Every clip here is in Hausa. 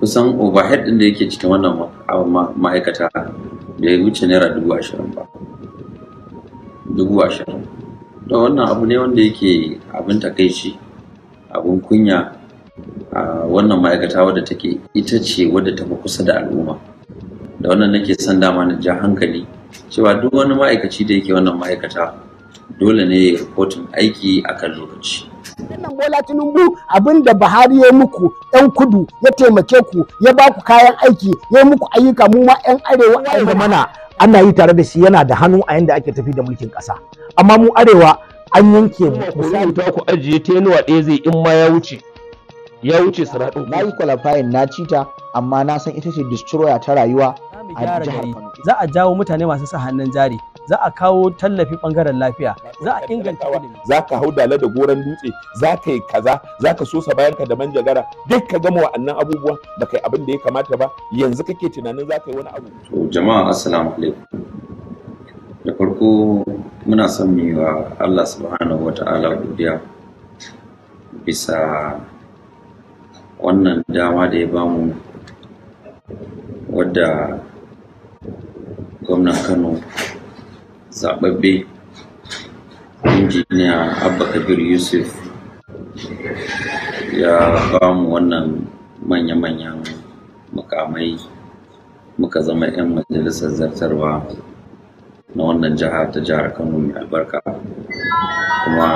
kusan overhead ɗin da yake cikin wannan ma'aikata bai wuce naira dubu ashirin ba dubu ashirin da wannan abu ne wanda yake abin takaici abin kunya a wannan ma'aikata wadda take ita ce wadda tafi kusa da al'umma da wannan nake son dama na ja hankali cewa duk wani ma'aikaci da yake wannan ma'aikata dole ne ya rikotin aiki a kan lokaci Wannan Bola Tinubu abin da Buhari ya muku ɗan kudu ya taimake ku ya ba ku kayan aiki ya muku ayyuka mu ma ƴan arewa a mana ana yi tare da shi yana da hannu a yanda ake tafi da mulkin ƙasa. Amma mu arewa an yanke mu. Misali ta ku ajiye tenuwa ɗaya zai in ma ya wuce. Ya wuce saraɗo. Na yi qualifying na cita amma na san ita ce destroyer ta rayuwa a jihar Za a jawo mutane masu sa hannun jari. za a kawo tallafi bangaren lafiya za a inganta ilimi za ka hau dala da goran dutse za ka yi kaza za ka sosa bayan ka da manjagara duk ka gama wa'annan abubuwa da kai abin da ya kamata ba yanzu kake tunanin za ka yi wani abu jama'a assalamu alaikum da farko muna son mu wa Allah subhanahu wata'ala godiya bisa wannan dama da ya bamu wadda gwamnan Kano zaɓaɓɓe injiniya abba kabir yusuf ya ba mu wannan manya-manyan mukamai muka zama 'yan majalisar zartarwa na wannan jihar ta jihar kano mai albarka kuma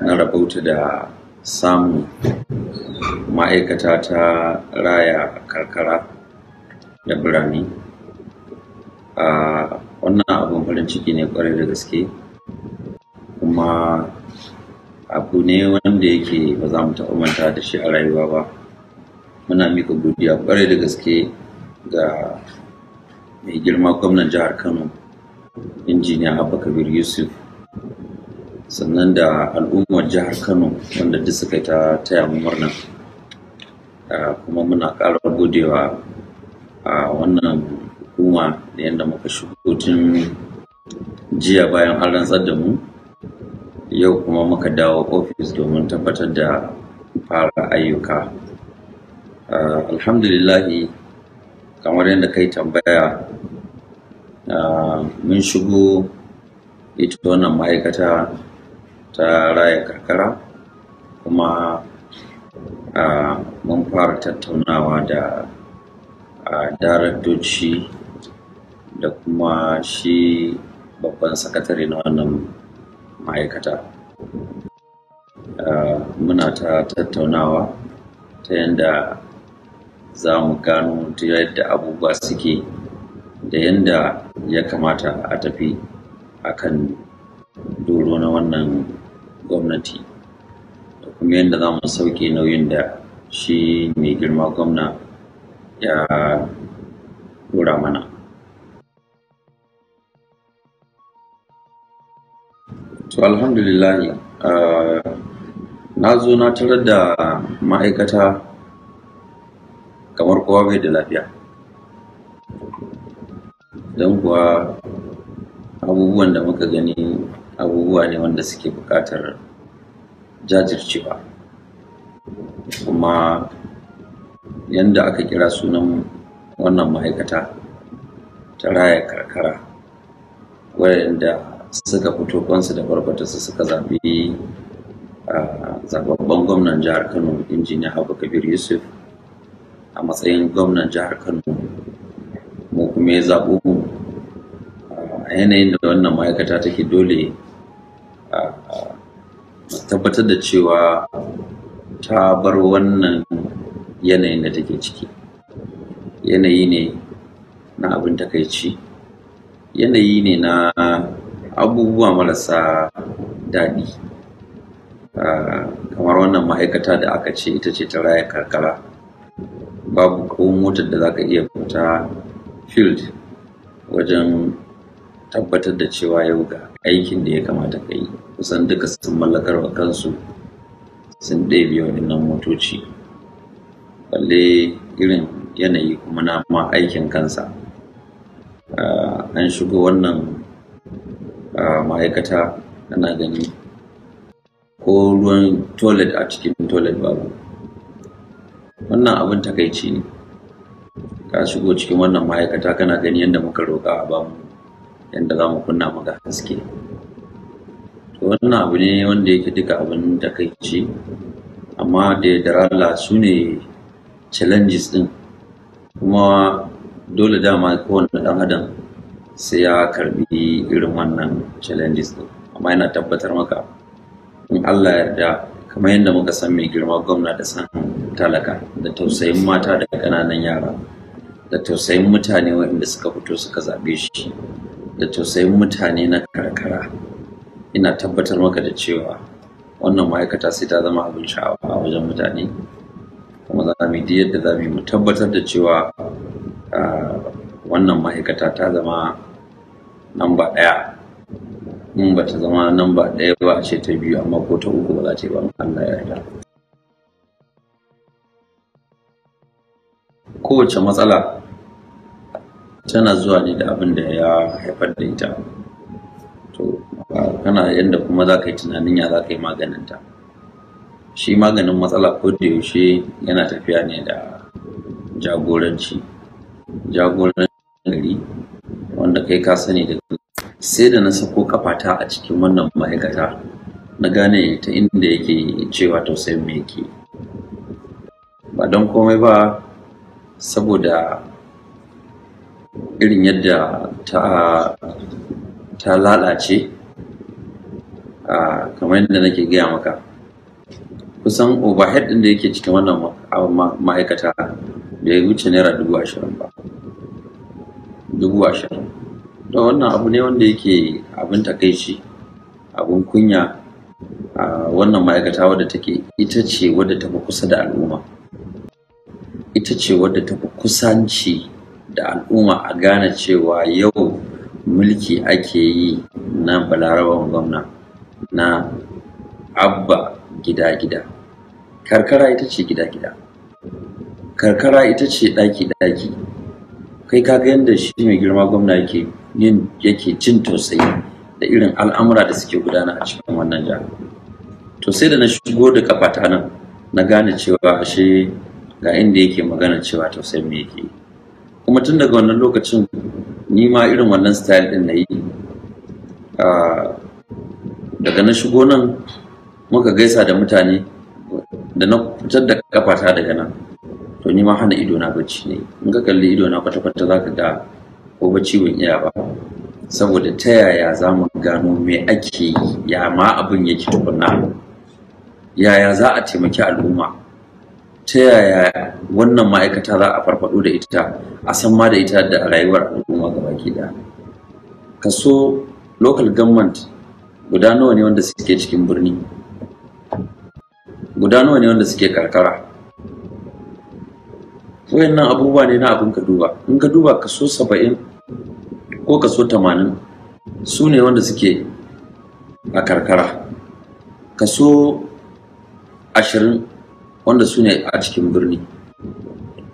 na rabauta da samun ma'aikata ta raya karkara da birane a ah, wannan abun farin ciki ne kwarai da gaske kuma abu ne wanda yake ba za mu taɓa manta da shi a rayuwa ba muna mika godiya kwarai da gaske ga mai girma gwamnan jihar kano injiniya abba kabir yusuf sannan da al'ummar jihar kano wanda duk suka ta taya mu murna ah, kuma muna ƙara godewa a ah, wannan hukuma da yadda muka shigo tun jiya bayan an rantsar da mu yau kuma muka dawo ofis domin tabbatar da fara ayyuka ah, alhamdulillahi kamar yadda kai tambaya ah, mun shigo ita wannan ma'aikata ta raya karkara kuma ah, mun fara tattaunawa da daraktoci da kuma shi babban sakatare na wannan ma'aikata ah, muna ta tattaunawa ta yadda za mu gano ta yadda abubuwa suke da yadda ya kamata a tafi akan doro na wannan gwamnati da kuma yadda za mu sauke nauyin da shi mai girma gwamna ya dora mana To uh, na zo na tarar da ma'aikata kamar kowa bai da lafiya. Don kuwa abubuwan da muka gani abubuwa ne wanda suke buƙatar jajircewa. Kuma yadda aka kira sunan wannan ma'aikata ta raya karkara wadanda suka fito kansu da barbata su suka zaɓi zababban gwamnan jihar kano injiniya habu kabir yusuf a matsayin gwamnan jihar kano mu kuma ya zaɓo mu a yanayin da wannan ma'aikata take dole tabbatar da cewa ta bar wannan yanayin da take ciki yanayi ne na abin takaici yanayi ne na abubuwa marasa daɗi ah, kamar wannan ma'aikata da aka ce ita ce ta raya karkara babu ko motar da za ka iya fita field wajen tabbatar da cewa yau ga aikin da ya kamata ka yi kusan duka sun mallakar wa kansu sun ɗebe waɗannan motoci balle irin yanayi kuma na ma aikin kansa ah, an shigo wannan A ma'aikata ana gani ko ruwan toilet a cikin toilet babu wannan abin takaici ne ka shigo cikin wannan ma'aikata kana gani yadda muka roƙa a bamu yadda za mu kunna maka haske to wannan abu ne wanda yake duka abin takaici amma da ya Allah su ne challenges din kuma dole dama kowane ɗan adam sai ya karbi irin wannan challenges din amma yana tabbatar maka in Allah yarda kamar yadda muka san mai girma gwamna da san talaka da tausayin mata da ƙananan yara da tausayin mutane waɗanda suka fito suka zaɓe shi da tausayin mutane na karkara ina tabbatar maka da cewa wannan ma'aikata sai ta zama abin sha'awa a wajen mutane kuma za mu yi yadda za mu tabbatar da cewa ah, wannan ma'aikata ta zama namba ɗaya in ba ta zama namba ɗaya ba ce ta biyu amma ko ta uku ba za ce ba Allah ya yarda kowace matsala tana zuwa ne da abin da ya haifar da ita to kana yadda kuma za ka yi tunanin ya za ka yi maganinta shi maganin matsala ko da yaushe yana tafiya ne da jagoranci jagoranci gari wanda kai ka sani da sai da na sako kafata a cikin wannan ma'aikata na gane ta inda yake cewa tausayin mai yake ba don komai ba saboda irin yadda ta ta lalace kamar yadda nake gaya maka kusan overhead ɗin da yake cikin wannan ma'aikata da ya wuce naira dubu ashirin ba dubu ashirin da wannan abu ne wanda yake abin takaici abin kunya a wannan ma'aikata wadda take ita ce wadda tafi kusa da al'umma ita ce wadda tafi kusanci da al'umma a gane cewa yau mulki ake yi na balaraban gwamna na abba gida-gida karkara ita ce gida-gida karkara ita ce ɗaki-ɗaki kai ka ga yadda shi mai girma gwamna yake yin yake cin tausayi da irin al'amura da suke gudana a cikin wannan jihar to sai da na shigo da kafata nan na gane cewa ashe ga inda yake magana cewa tausayi me yake kuma tun daga wannan lokacin ni ma irin wannan style din na yi ah, daga na shigo nan muka gaisa da mutane da na fitar da kafata daga nan to ni ma hana ido na bacci ne in ka kalli ido na kwata kwata zaka ga ko bacci ban iya ba saboda ta yaya za mu gano me ake yi ya ma abin yake tukuna. yaya za a taimaki al'umma ta yaya wannan ma'aikata za a farfado da ita a san ma da ita da rayuwar al'umma gaba ki da kaso local government guda nawa ne wanda suke cikin birni guda nawa ne wanda suke karkara wayannan abubuwa ne na abin ka duba in ka duba kaso saba'in ko kaso tamanin su ne wanda suke a karkara kaso ashirin wanda su ne a cikin birni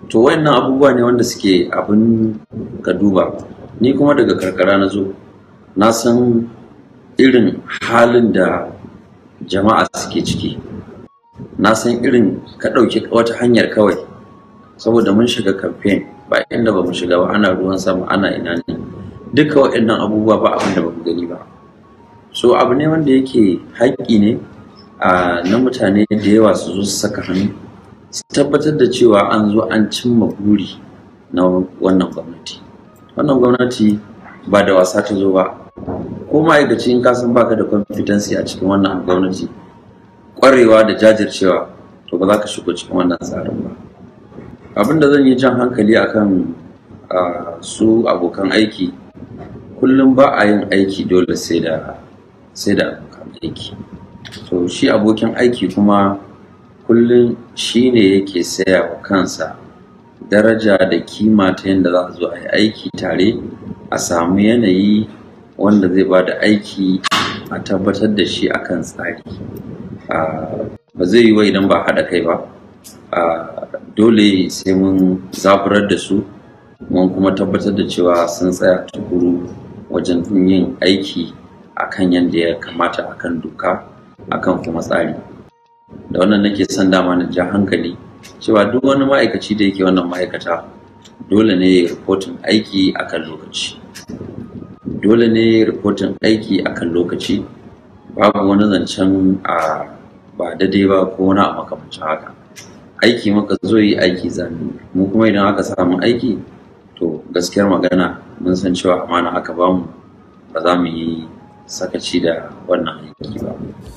to wayannan abubuwa ne wanda suke abin ka duba ni kuma daga karkara na zo na san irin halin da jama'a suke ciki na san irin ka ɗauki wata hanyar kawai saboda mun shiga kamfen, ba inda ba mu shiga ba ana ruwan sama ana ina ne duka waɗannan abubuwa ba abin da ba mu gani ba so abu ne wanda yake haƙƙi ne a na mutane da yawa su zo su saka hannu su tabbatar da cewa an zo an cimma buri na wannan gwamnati wannan gwamnati ba da wasa ta zo ba ko ma'aikaci in ka san baka da confidence a cikin wannan gwamnati ƙwarewa da jajircewa to ba za ka shigo cikin wannan tsarin ba Abin da zan yi jan hankali akan su abokan aiki kullum ba a yin aiki dole sai da sai abokan aiki to shi abokin aiki kuma kullum shi ne yake saya wa kansa daraja da kima ta yadda za a zo a yi aiki tare a samu yanayi wanda zai ba da aiki a tabbatar da shi akan tsari ba zai yi wa idan ba haɗa kai ba a dole sai mun zaburar da su mun kuma tabbatar da cewa sun tsaya tukuru wajen yin aiki a kan yadda ya kamata a kan doka a kan kuma tsari da wannan nake son dama na ja hankali cewa duk wani ma'aikaci da yake wannan ma'aikata dole ne rikotin aiki a kan lokaci dole ne rikotin aiki a kan lokaci babu wani zancen a ba daidai ba ko wani a makamancin haka aiki maka zo yi aiki zami mu kuma idan aka samu aiki to gaskiyar magana mun san cewa amana aka bamu ba za mu yi sakaci da wannan aiki ba